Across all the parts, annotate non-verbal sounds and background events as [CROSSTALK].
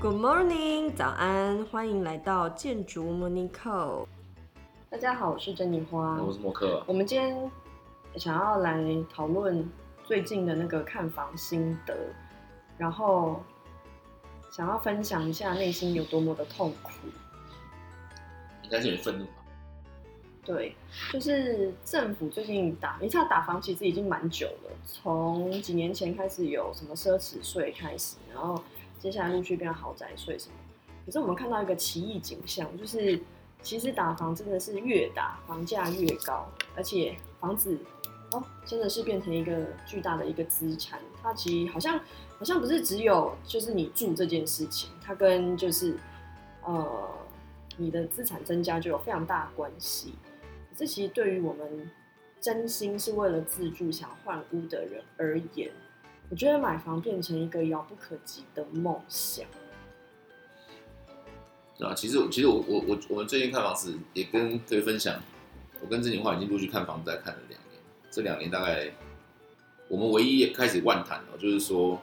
Good morning，早安，歡迎來到建築 Monico。大家好，我是珍妮花，啊、我是莫克、啊。我們今天想要來討論最近的那個看房心得，然後想要分享一下內心有多麼的痛苦。應該是有憤怒吧？對，就是政府最近打，一下打房其實已經蠻久了，從幾年前開始有什麼奢侈稅開始，然後。接下來陸續變豪宅，所以什麼？可是我們看到一個奇異景象，就是其實打房真的是越打房價越高，而且房子哦真的是變成一個巨大的一個資產。它其實好像好像不是只有就是你住這件事情，它跟就是呃你的資產增加就有非常大的關係。這其實對於我們真心是為了自住想換屋的人而言。我覺得買房變成一個遙不可及的夢想。啊，其實我其實我我我我們最近看房子也跟各位分享，嗯、我跟珍妮花已經陸續看房子在看了兩年，這兩年大概我們唯一也開始萬談了，就是說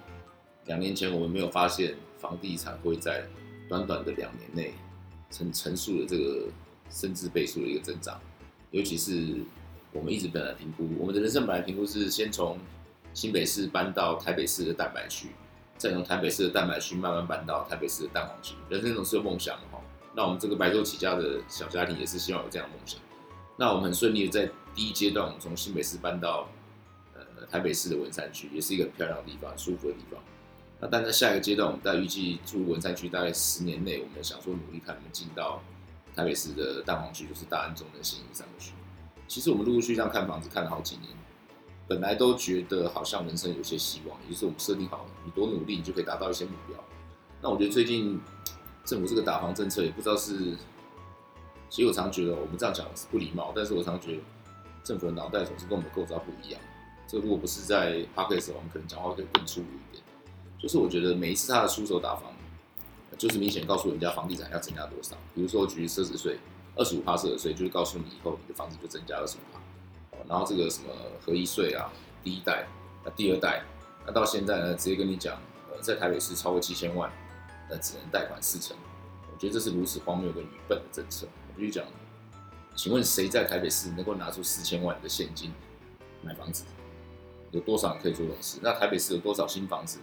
兩年前我們沒有發現房地產會在短短的兩年內成成數的這個升值倍數的一個增長，尤其是我們一直本來評估，我們的人生本來評估是先從。新北市搬到台北市的蛋白區，再從台北市的蛋白區慢慢搬到台北市的蛋黃區。人生總是有夢想的哈。那我們這個白手起家的小家庭也是希望有這樣的夢想。那我們很順利的，在第一階段，我們從新北市搬到呃台北市的文山區，也是一個很漂亮的地方，舒服的地方。那但在下一個階段，我們大概預計住文山區大概十年內，我們想說努力看能不能進到台北市的蛋黃區，就是大安、中正、信義三區。其實我們陸陸續續這樣看房子看了好幾年。本來都覺得好像人生有些希望，也就是我們設定好你多努力，你就可以達到一些目標。那我覺得最近政府這個打房政策也不知道是，所以我常覺得我們這樣講是不禮貌，但是我常覺得政府的腦袋總是跟我們的構造不一樣。這如果不是在 podcast 的時候，我們可能講話會更粗魯一點。就是我覺得每一次他的出手打房，就是明顯告訴人家房地產要增加多少。比如說比如，舉個奢侈稅，二十五趴奢侈稅，就是告訴你以後你的房子就增加二十五趴。然後這個什麼合一稅啊，第一代，那第二代，那到現在呢，直接跟你講，呃，在台北市超過七千萬，那只能貸款四成，我覺得這是如此荒謬跟愚笨的政策。我就講，請問誰在台北市能夠拿出四千萬的現金買房子？有多少人可以做董事？那台北市有多少新房子？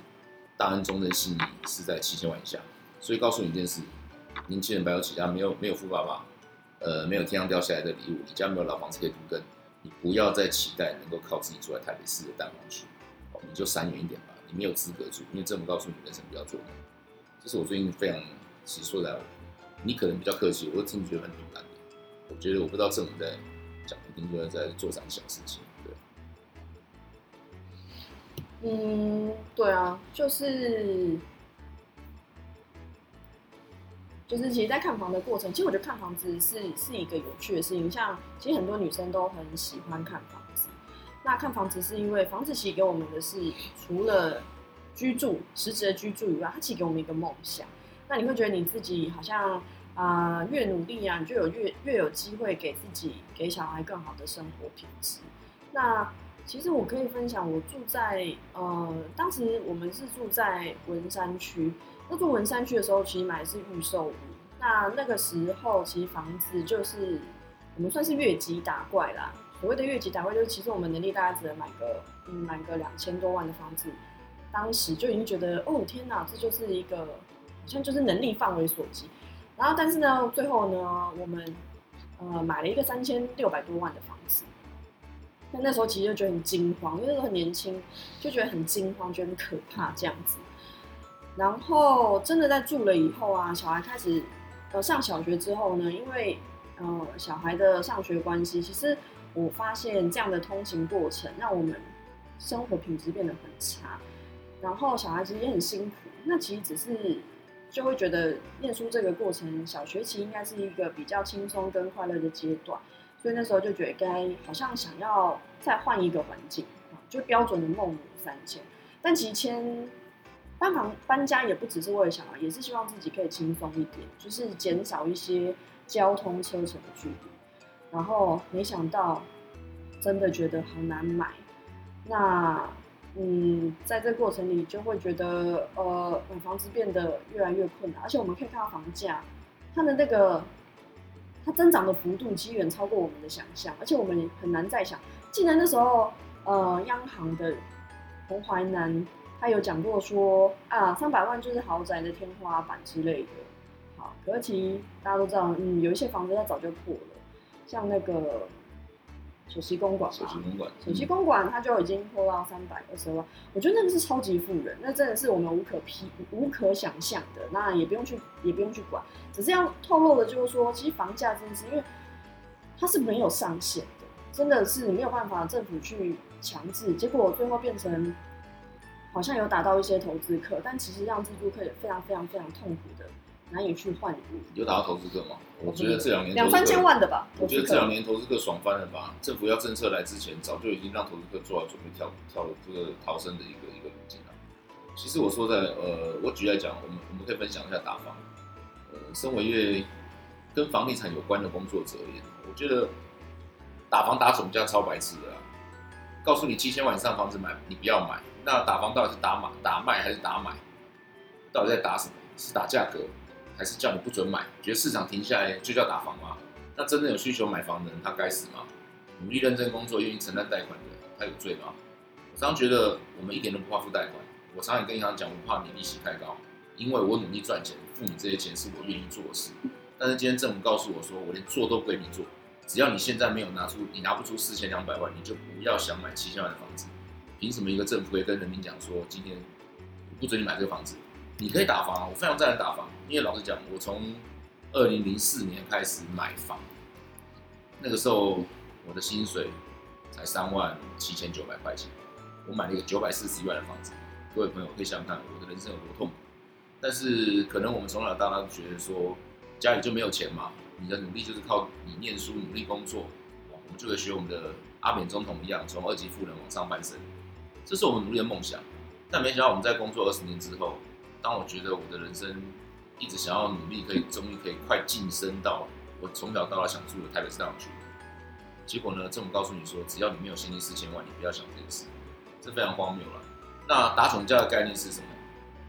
大安、中正、信義是在七千萬以下，所以告訴你一件事，年輕人白手起家沒有沒有富爸爸，呃，沒有天上掉下來的禮物，你家沒有老房子可以都更。你不要再期待能夠靠自己坐在台北市的大黃區，你就閃遠一點吧。你沒有資格住，因為政府告訴你人生不要做夢。這是我最近非常直說的，你可能比較客氣，我都聽覺得很敏感的。我覺得我不知道政府在講，一定說在做什麼小事情，對。嗯，對啊，就是。就是其實，在看房子的過程，其實我覺得看房子是是一個有趣的事情。像其實很多女生都很喜歡看房子。那看房子是因為房子其實給我們的是除了居住，實質的居住以外，它其實給我們一個夢想。那你會覺得你自己好像啊、呃，越努力啊，你就有越越有機會給自己、給小孩更好的生活品質。那其實我可以分享，我住在呃，當時我們是住在文山區。那做文山區的時候，其實買的是預售屋。那那個時候，其實房子就是我們算是越級打怪啦。所謂的越級打怪，就是其實我們能力大概只能買個嗯，買個兩千多萬的房子。當時就已經覺得哦，天哪、啊，這就是一個好像就是能力範圍所及。然後，但是呢，最後呢，我們呃買了一個三千六百多萬的房子。那那時候其實就覺得很驚慌，因為那時候很年輕，就覺得很驚慌，覺得很可怕這樣子。然後真的在住了以後啊，小孩開始，呃，上小學之後呢，因為，呃，小孩的上學關係，其實我發現這樣的通勤過程，讓我們生活品質變得很差。然後小孩子也很辛苦，那其實只是就會覺得念書這個過程，小學期應該是一個比較輕鬆跟快樂的階段，所以那時候就覺得該好像想要再換一個環境啊，就標準的孟母三遷，但其實遷。搬房搬家也不只是為了想啊，也是希望自己可以輕鬆一點，就是減少一些交通車程的距離。然後沒想到，真的覺得好難買。那嗯，在這過程裡就會覺得，呃，買房子變得越來越困難。而且我們可以看到房價，它的那個它增長的幅度，遠遠超過我們的想象。而且我們也很難再想，既然那時候，呃，央行的彭淮南。他有講過說啊，三百萬就是豪宅的天花板之類的。好，可是其實大家都知道，嗯，有一些房子它早就破了，像那個首席公館，首席公館，首、嗯、席公館，它就已經破到三百二十萬。我覺得那個是超級富人，那真的是我們無可批、無可想象的。那也不用去，也不用去管，只是要透露的就是說，其實房價真的是因為它是沒有上限的，真的是沒有辦法政府去強制，結果最後變成。好像有打到一些投資客，但其實讓自住客也非常非常非常痛苦的，難以去換。有打到投資客嗎？我覺得這兩年兩三千萬的吧。我覺得這兩年投資客爽翻了吧？政府要政策來之前，早就已經讓投資客做好準備跳跳這個逃生的一個一個路徑了。其實我說在呃，我舉例來講，我們我們可以分享一下打房。呃，身為跟房地產有關的工作者而言，我覺得打房打總價超白痴的啊，告訴你七千萬以上房子買，你不要買。那打房到底是打買、打賣還是打買？到底在打什麼？是打價格，還是叫你不准買？覺得市場停下來就叫打房嗎？那真的有需求買房的人，他該死嗎？努力認真工作願意承擔貸款的人，他有罪嗎？我常常覺得我們一點都不怕付貸款。我常常也跟銀行講，我怕你利息太高，因為我努力賺錢，付你這些錢是我願意做的事。但是今天政府告訴我說，我連做都歸你做，只要你現在沒有拿出，你拿不出四千兩百萬，你就不要想買七千萬的房子。憑什麼一個政府會跟人民講說，今天不准你買這個房子？你可以打房，啊，我非常贊成打房。因為老實講，我從二零零四年開始買房，那個時候我的薪水才三萬七千九百塊錢，我買了一個九百四十萬的房子。各位朋友可以想想看，我的人生有多痛苦。但是可能我們從小到大，大都覺得說，家裡就沒有錢嘛，你的努力就是靠你念書、努力工作，我們就會學我們的阿扁總統一樣，從二級富人往上半生。這是我們努力的夢想，但沒想到我們在工作二十年之後，當我覺得我的人生一直想要努力，可以終於可以快晉升到我從小到大想住的台北市上去，結果呢，政府告訴你說，只要你沒有現金四千萬，你不要想這件事，這非常荒謬了。那打總價的概念是什麼？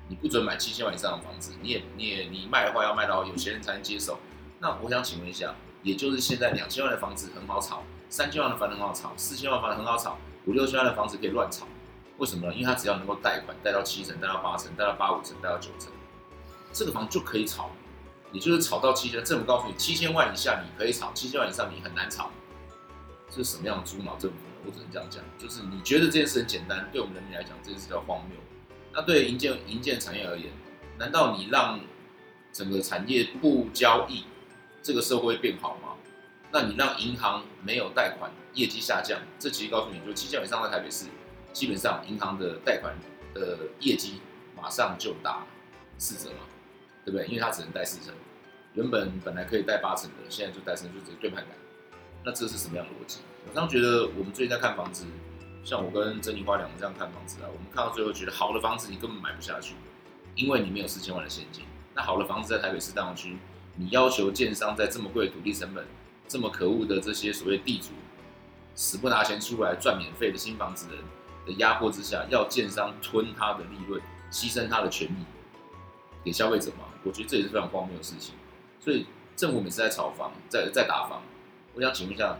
你不准買七千萬以上的房子，你也你也你賣的話要賣到有錢人才能接受。那我想請問一下，也就是現在兩千萬的房子很好炒，三千萬的房子很好炒，四千萬的房子很好炒，五六千萬的房子可以亂炒。為什麼呢？因為它只要能夠貸款貸到七成，貸到八成，貸到八五成，貸到九成，這個房就可以炒。也就是炒到七千，政府告訴你七千萬以下你可以炒，七千萬以上你很難炒。這是什麼樣的豬腦政府呢？我只能這樣講，就是你覺得這件事很簡單，對我們人民來講這件事叫荒謬。那對營建營建產業而言，難道你讓整個產業不交易，這個社會會變好嗎？那你讓銀行沒有貸款，業績下降，這其實告訴你，就七千萬以上在台北市。基本上銀行的貸款的業績馬上就打四折嘛，對不對？因為他只能貸四成，原本本來可以貸八成的，現在就貸四成，就直接對盤。那這是什麼樣的邏輯？我常覺得我們最近在看房子，像我跟珍妮花兩個這樣看房子啊，我們看到最後覺得好的房子你根本買不下去，因為你沒有四千萬的現金。那好的房子在台北市大區，你要求建商在這麼貴的土地成本，這麼可惡的這些所謂地主死不拿錢出來賺免費的新房子的人的壓迫之下，要建商吞他的利潤，犧牲他的權益給消費者嗎？我覺得這也是非常荒謬的事情。所以政府每次在炒房，在在打房，我想請問一下，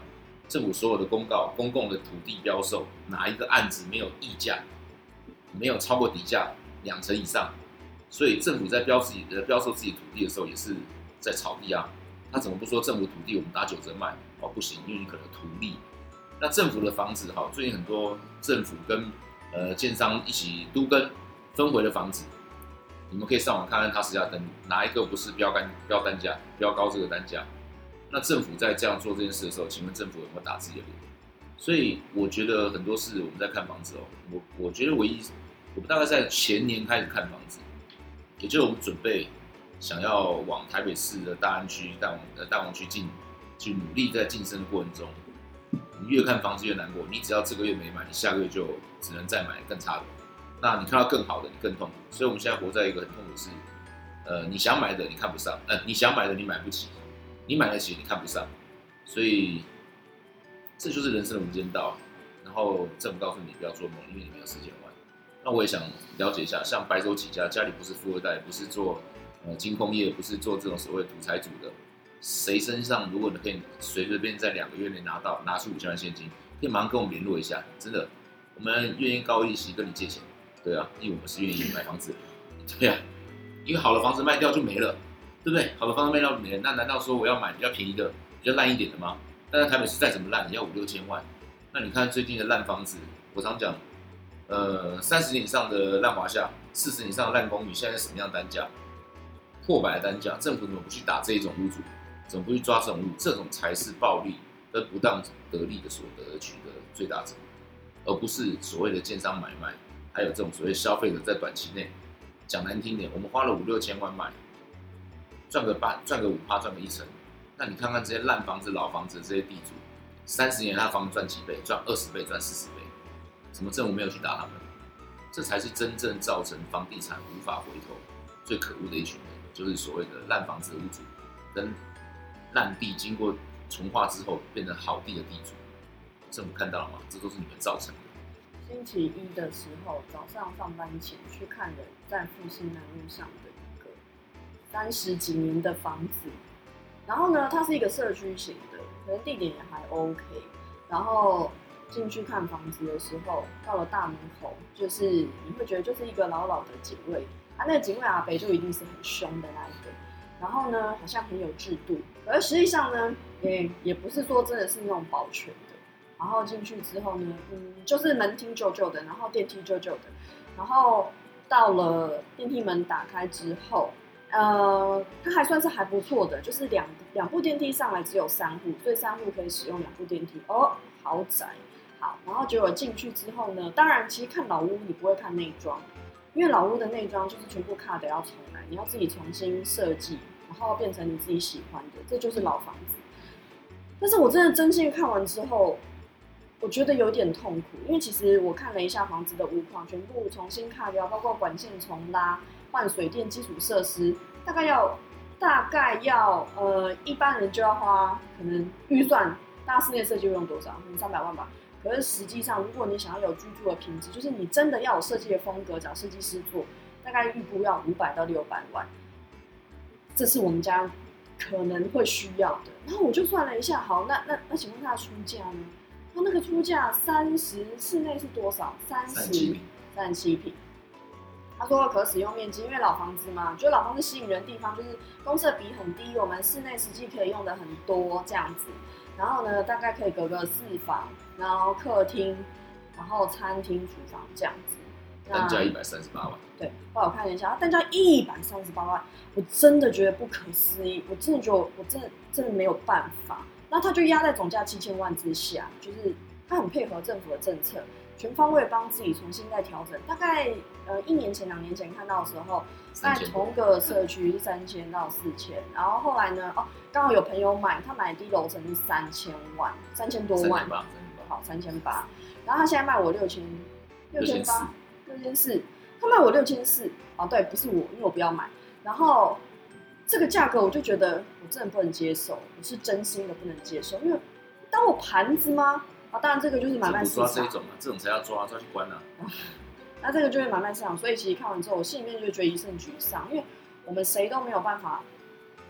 政府所有的公告，公共的土地標售，哪一個案子沒有溢價，沒有超過底價兩成以上？所以政府在標自己呃標售自己土地的時候，也是在炒地啊。他怎麼不說政府土地我們打九折賣？哦，不行，因為你可能圖利。那政府的房子哈，最近很多政府跟呃建商一起都更分回的房子，你們可以上網看看他，他是家等哪一個不是標杆標單價標高這個單價？那政府在這樣做這件事的時候，請問政府有沒有打自己的臉？所以我覺得很多事我們在看房子哦、喔，我我覺得唯一我們大概在前年開始看房子，也就是我們準備想要往台北市的大安區、大王、大王區進去努力，在晉升的過程中。你越看房子越難過，你只要這個月沒買，你下個月就只能再買更差的。那你看到更好的，你更痛苦。所以我們現在活在一個很痛苦的事，呃，你想買的你看不上，呃，你想買的你買不起，你買得起你看不上，所以這就是人生的無間道。然後政府告訴你不要做夢，因為你沒有時間玩。那我也想了解一下，像白手起家，家裡不是富二代，不是做呃金控業，不是做這種所謂土財主的。誰身上如果你可以隨隨便便在兩個月內拿到拿出五千萬現金，可以馬上跟我們聯絡一下，真的，我們願意高利息跟你借錢，對啊，因為我們是願意買房子，對啊，因為好的房子賣掉就沒了，對不對？好的房子賣掉就沒了，那難道說我要買比較便宜的、比較爛一點的嗎？但在台北市再怎麼爛，也要五六千萬。那你看最近的爛房子，我常講，呃，三十年以上的爛華廈，四十以上的爛公寓，現在是什麼樣的單價？破百的單價，政府怎麼不去打這一種屋主？怎麼不去抓政務，這種才是暴利而不當得利的所得而取得最大值，而不是所謂的建商買賣，還有這種所謂消費者在短期內，講難聽點，我們花了五六千萬買，賺個八賺個五趴賺個一成，那你看看這些爛房子老房子這些地主，三十年那房子賺幾倍，賺二十倍賺四十倍，什麼政府沒有去打他們？這才是真正造成房地產無法回頭最可惡的一群人，就是所謂的爛房子屋主跟爛地經過重劃之後變成好地的地主，政府看到了嗎？這都是你們造成的。星期一的時候早上上班前去看的，在復興南路上的一個三十幾年的房子，然後呢，它是一個社區型的，可能地點也還 OK。然後進去看房子的時候，到了大門口，就是你會覺得就是一個老老的警衛，啊，那個警衛阿北就一定是很凶的那一個然後呢，好像很有制度，而實際上呢，也也不是說真的是那種保全的。然後進去之後呢，嗯，就是門廳舊舊的，然後電梯舊舊的，然後到了電梯門打開之後，呃，它還算是還不錯的，就是兩兩部電梯上來只有三戶，所以三戶可以使用兩部電梯。哦，豪宅。好，然後結果進去之後呢，當然其實看老屋你不會看內裝，因為老屋的內裝就是全部卡的要重來，你要自己重新設計。然後變成你自己喜歡的，這就是老房子。但是我真的真心看完之後，我覺得有點痛苦，因為其實我看了一下房子的屋況，全部重新砍掉，包括管線重拉、換水電基礎設施，大概要大概要呃，一般人就要花可能預算大室內設計用多少？可能三百萬吧。可是實際上，如果你想要有居住的品質，就是你真的要有設計的風格，找設計師做，大概預估要五百到六百萬。這是我們家可能會需要的，然後我就算了一下，好，那那那請問他出價呢？他、哦、那個出價三十，室內是多少？30, 三十，三十七平。他說了可使用面積，因為老房子嘛，覺得老房子吸引人的地方就是公設比很低，我們室內實際可以用的很多這樣子。然後呢，大概可以隔個四房，然後客廳，然後餐廳、廚房這樣子。單價一百三十八萬，對，幫我看一下，他單價一百三十八萬，我真的覺得不可思議，我真的覺得我真的，我真的，真的沒有辦法。那他就壓在總價七千萬之下，就是他很配合政府的政策，全方位幫自己重新再調整。大概、呃、一年前、兩年前看到的時候，在同個社區是三千到四千，然後後來呢，哦，剛好有朋友買，他買低樓層是三千萬，三千多萬，好，三千八，然後他現在賣我六千，六千八。六千四，他賣我六千四啊，對，不是我，因為我不要買。然後這個價格，我就覺得我真的不能接受，我是真心的不能接受。因為當我盤子嗎？啊，當然這個就是買賣市場。這抓這種啊，這種才要抓，抓去關啊，啊那這個就是買賣市場，所以其實看完之後，我心裡面就覺得一陣沮喪，因為我們誰都沒有辦法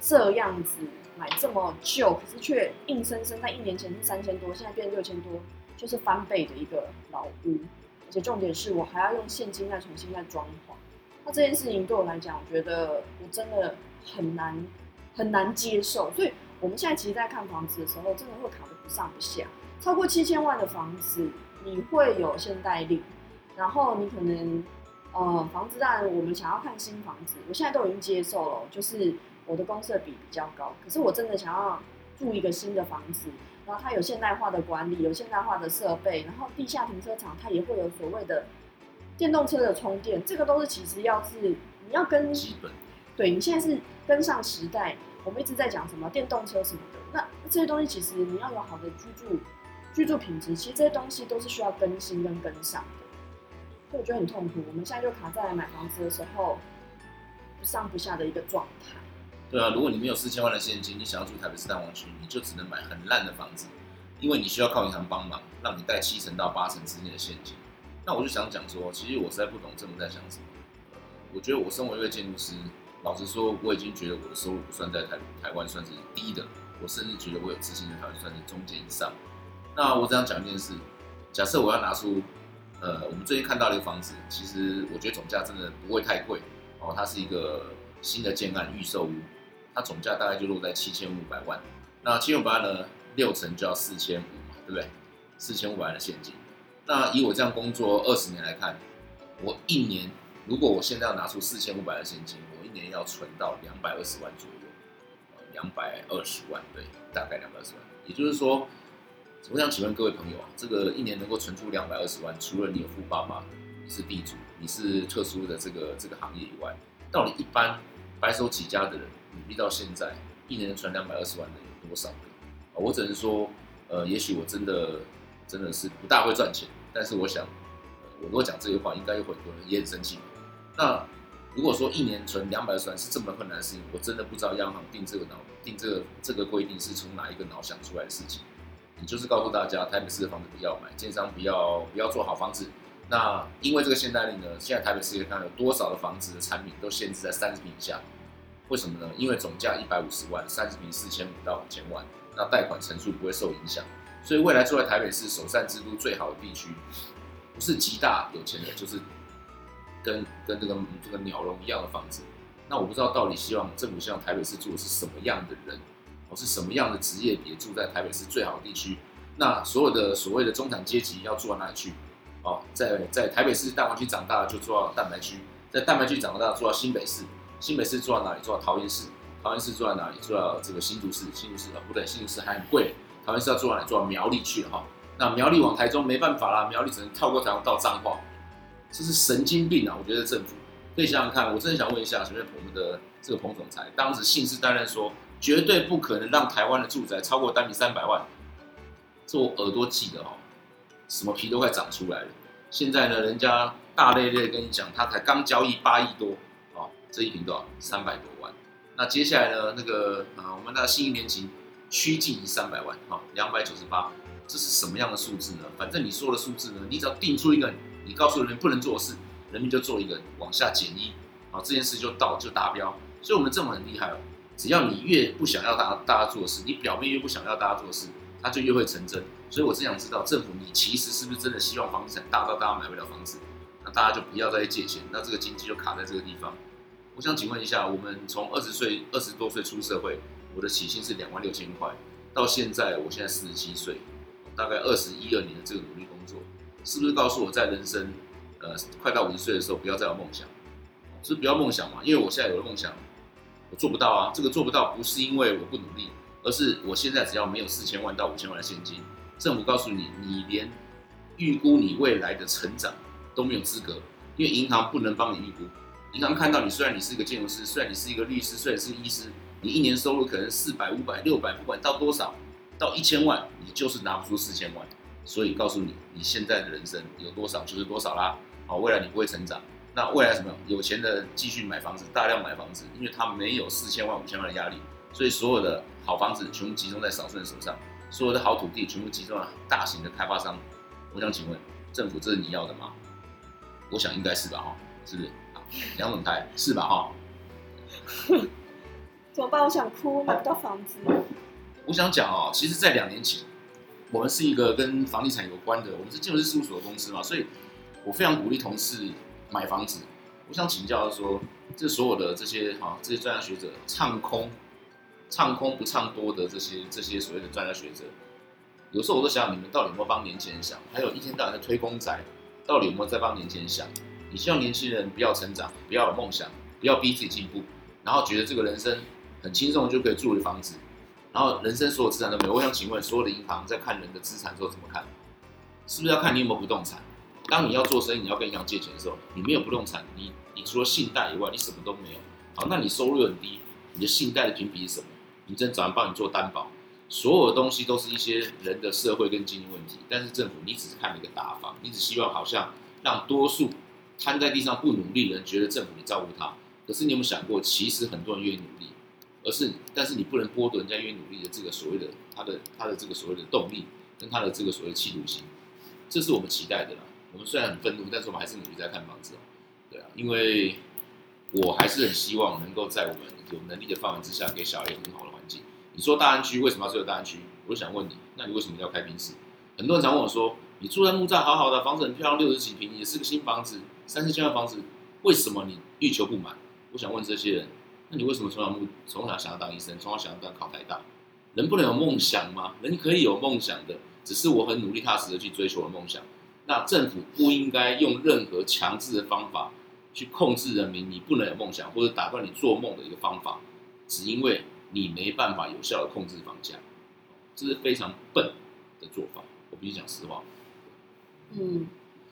這樣子買這麼舊，可是卻硬生生在一年前是三千多，現在變六千多，就是翻倍的一個老屋。重點是我還要用現金再重新再裝潢，那這件事情對我來講，我覺得我真的很難很難接受。所以我們現在其實，在看房子的時候，真的會卡得不上不下。超過七千萬的房子，你會有限貸率，然後你可能呃房子，當然我們想要看新房子，我現在都已經接受了，就是我的公設比比較高，可是我真的想要住一個新的房子。然後它有現代化的管理，有現代化的設備，然後地下停車場它也會有所謂的電動車的充電，這個都是其實要是你要跟，對你現在是跟上時代，我們一直在講什麼電動車什麼的，那這些東西其實你要有好的居住居住品質，其實這些東西都是需要更新跟跟上的，所以我覺得很痛苦，我們現在就卡在買房子的時候不上不下的一個狀態。對啊，如果你沒有四千萬的現金，你想要住台北市大安區，你就只能買很爛的房子，因為你需要靠銀行幫忙，讓你貸七成到八成之間的現金。那我就想講說，其實我實在不懂政府在想什麼，呃。我覺得我身為一個建築師，老實說，我已經覺得我的收入不算在台台灣算是低的，我甚至覺得我有自信在台灣算是中間以上。那我只想講一件事，假設我要拿出，呃，我們最近看到的一個房子，其實我覺得總價真的不會太貴哦，它是一個新的建案預售屋。它總價大概就落在七千五百萬，那七千五百萬呢，六成就要四千五嘛，對不對？四千五百萬的現金，那以我這樣工作二十年來看，我一年，如果我現在要拿出四千五百萬的現金，我一年要存到兩百二十萬左右，兩百二十萬，對，大概兩百二十萬。也就是說，我想請問各位朋友啊，這個一年能夠存出兩百二十萬，除了你有富爸爸，你是地主，你是特殊的這個這個行業以外，到底一般白手起家的人？逼到現在，一年存兩百二十萬的有多少個、啊？我只能說，呃，也許我真的真的是不大會賺錢。但是我想，呃、我如果講這些話，應該有很多人也很生氣。那如果說一年存兩百二十萬是這麼困難的事情，我真的不知道央行定這個腦定這個這個規定是從哪一個腦想出來的事情。你就是告訴大家，台北市的房子不要買，建商不要不要做好房子。那因為這個限貸令呢，現在台北市你看有多少的房子的產品都限制在三十平以下。為什麼呢？因為總價一百五十萬，三十坪四千五到五千萬，那貸款成數不會受影響，所以未來住在台北市首善之都最好的地區，不是極大有錢人，就是跟跟這、那個這個鳥籠一樣的房子。那我不知道到底希望政府希望台北市住的是什麼樣的人，我、哦、是什麼樣的職業，也住在台北市最好的地區。那所有的所謂的中產階級要住到哪裡去？哦，在在台北市蛋黃區長大就住到蛋白區，在蛋白區長大住到新北市。新北市做到哪裡？做到桃園市。桃園市做到哪裡？做到這個新竹市，新竹市啊、哦、不對，新竹市還很貴，桃園市要做到哪裡？做到苗栗去了哈。那苗栗往台中沒辦法啦，苗栗只能跳過台中到彰化，這是神經病啊！我覺得政府，可以想想看，我真的想問一下，是不是我們的這個彭總裁，當時信誓旦旦說絕對不可能讓台灣的住宅超過單筆三百萬，這我耳朵記得哦。什麼皮都快長出來了。現在呢，人家大剌剌跟你講，他才剛交易八億多。這一坪多少？三百多萬，那接下來呢？那個呃、啊，我們大家新一年情趨近於三百萬，哈、啊，兩百九十八，這是什麼樣的數字呢？反正你說的數字呢，你只要定出一個，你告訴人民不能做的事，人民就做一個往下減一，好、啊，這件事就到就達標。所以我們政府很厲害哦，只要你越不想要大家大家做事，你表面越不想要大家做事，他就越會成真。所以我只想知道，政府你其實是不是真的希望房地產大到大家買不了房子，那大家就不要再借錢，那這個經濟就卡在這個地方。我想請問一下，我們從二十歲、二十多歲出社會，我的起薪是兩萬六千塊，到現在，我現在四十七歲，大概二十一二年的這個努力工作，是不是告訴我在人生，呃，快到五十歲的時候，不要再有夢想？是不，是不要夢想嘛？因為我現在有了夢想，我做不到啊。這個做不到不是因為我不努力，而是我現在只要沒有四千萬到五千萬的現金，政府告訴你，你連預估你未來的成長都沒有資格，因為銀行不能幫你預估。你剛看到，你雖然你是一個建築師，雖然你是一個律師，雖然是個醫師，你一年收入可能四百、五百、六百，不管到多少，到一千萬，你就是拿不出四千萬。所以告訴你，你現在的人生有多少就是多少啦。好，未來你不會成長。那未來什麼？有錢的繼續買房子，大量買房子，因為他沒有四千萬、五千萬的壓力，所以所有的好房子全部集中在少數人手上，所有的好土地全部集中在大型的開發商。我想請問，政府這是你要的嗎？我想應該是吧，哈，是不是？兩種台是吧？哈 [LAUGHS] ，怎麼辦？我想哭，買不到房子、啊。我想講哦，其實，在兩年前，我們是一個跟房地產有關的，我們是建築師事務所的公司嘛，所以，我非常鼓勵同事買房子。我想請教說，這所有的這些哈、啊，這些專家學者唱空、唱空不唱多的這些這些所謂的專家學者，有時候我都想，想，你們到底有沒有幫年輕人想？還有一天到晚在推公仔，到底有沒有在幫年輕人想？你希望年輕人不要成長，不要有夢想，不要逼自己進步，然後覺得這個人生很輕鬆就可以住的房子，然後人生所有資產都沒有。我想請問，所有的銀行在看人的資產時候怎麼看？是不是要看你有沒有不動產？當你要做生意、你要跟銀行借錢的時候，你沒有不動產，你你除了信貸以外，你什麼都沒有。好，那你收入很低，你的信貸的評比是什麼？你真找人幫你做擔保？所有的東西都是一些人的社會跟經濟問題。但是政府，你只是看了一個打房，你只希望好像讓多數。癱在地上不努力的人，覺得政府沒照顧他，可是你有沒有想過，其實很多人願意努力，而是但是你不能剝奪人家願意努力的這個所謂的他的他的這個所謂的動力跟他的這個所謂企圖心，這是我們期待的啦。我們雖然很憤怒，但是我們還是努力在看房子啊，對啊，因為我還是很希望能夠在我們有能力的範圍之下，給小孩一個很好的環境。你說大安區為什麼要有大安區？我想問你，那你為什麼要開賓士？很多人常問我說，你住在木柵好好的房子很漂亮，六十幾坪，也是個新房子。三四千的房子，為什麼你欲求不滿？我想問這些人，那你為什麼從小從小想要當醫生，從小想要當考台大，人不能有夢想嗎？人可以有夢想的，只是我很努力踏實的去追求我的夢想。那政府不應該用任何強制的方法去控制人民，你不能有夢想，或者打斷你做夢的一個方法，只因為你沒辦法有效的控制房價，這是非常笨的做法。我必須講實話。嗯。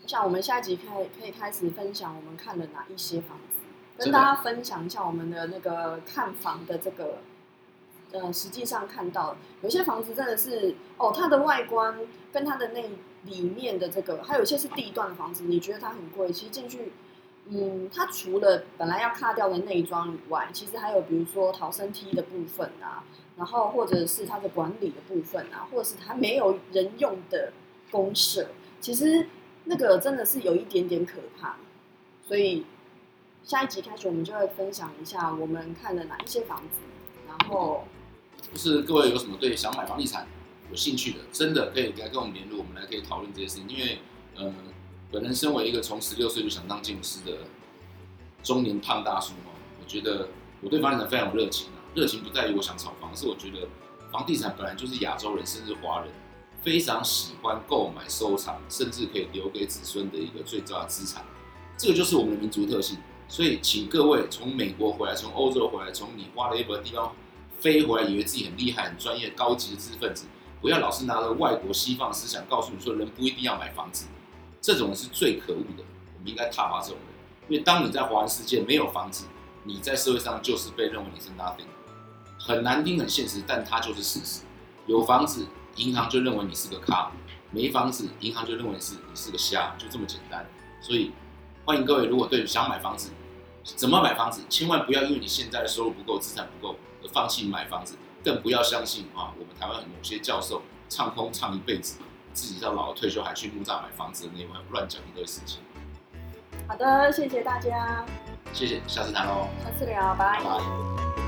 像我們下一集開可，可以開始分享我們看了哪一些房子，跟大家分享一下我們的那個看房的這個。呃，實際上看到有些房子真的是哦，它的外觀跟它的內裡面的這個，還有一些是地段的房子，你覺得它很貴，其實進去，嗯，它除了本來要卡掉的內裝以外，其實還有比如說逃生梯的部分啊，然後或者是它的管理的部分啊，或者是它沒有人用的公設，其實。那個真的是有一點點可怕，所以下一集開始我們就會分享一下我們看了哪一些房子，然後就是各位有什麼對想買房地產有興趣的，真的可以來跟我們聯絡，我們來可以討論這些事情。因為，呃，本人身為一個從十六歲就想當建築師的中年胖大叔哦，我覺得我對房地產非常有熱情啊。熱情不在於我想炒房，是我覺得房地產本來就是亞洲人，甚至華人。非常喜歡購買收藏，甚至可以留給子孫的一個最大的資產，這個就是我們的民族特性。所以，請各位從美國回來，從歐洲回來，從你 whatever 的地方飛回來，以為自己很厲害、很專業、高級的知識分子，不要老是拿着外國西方思想告訴你說，人不一定要買房子，這種人是最可惡的。我們應該撻伐這種人，因為當你在華人世界沒有房子，你在社會上就是被認為你是 nothing，很難聽，很現實，但它就是事實。有房子，銀行就認為你是個咖，沒房子，銀行就認為你是你是個蝦，就這麼簡單。所以，歡迎各位，如果對你想買房子，怎麼買房子，千萬不要因為你現在的收入不夠，資產不夠而放棄買房子，更不要相信啊，我們台灣有些教授唱空唱一輩子，自己到老了退休還去木柵買房子的那邊亂講一堆事情。好的，謝謝大家。謝謝，下次談嘍、哦。下次聊，拜。Bye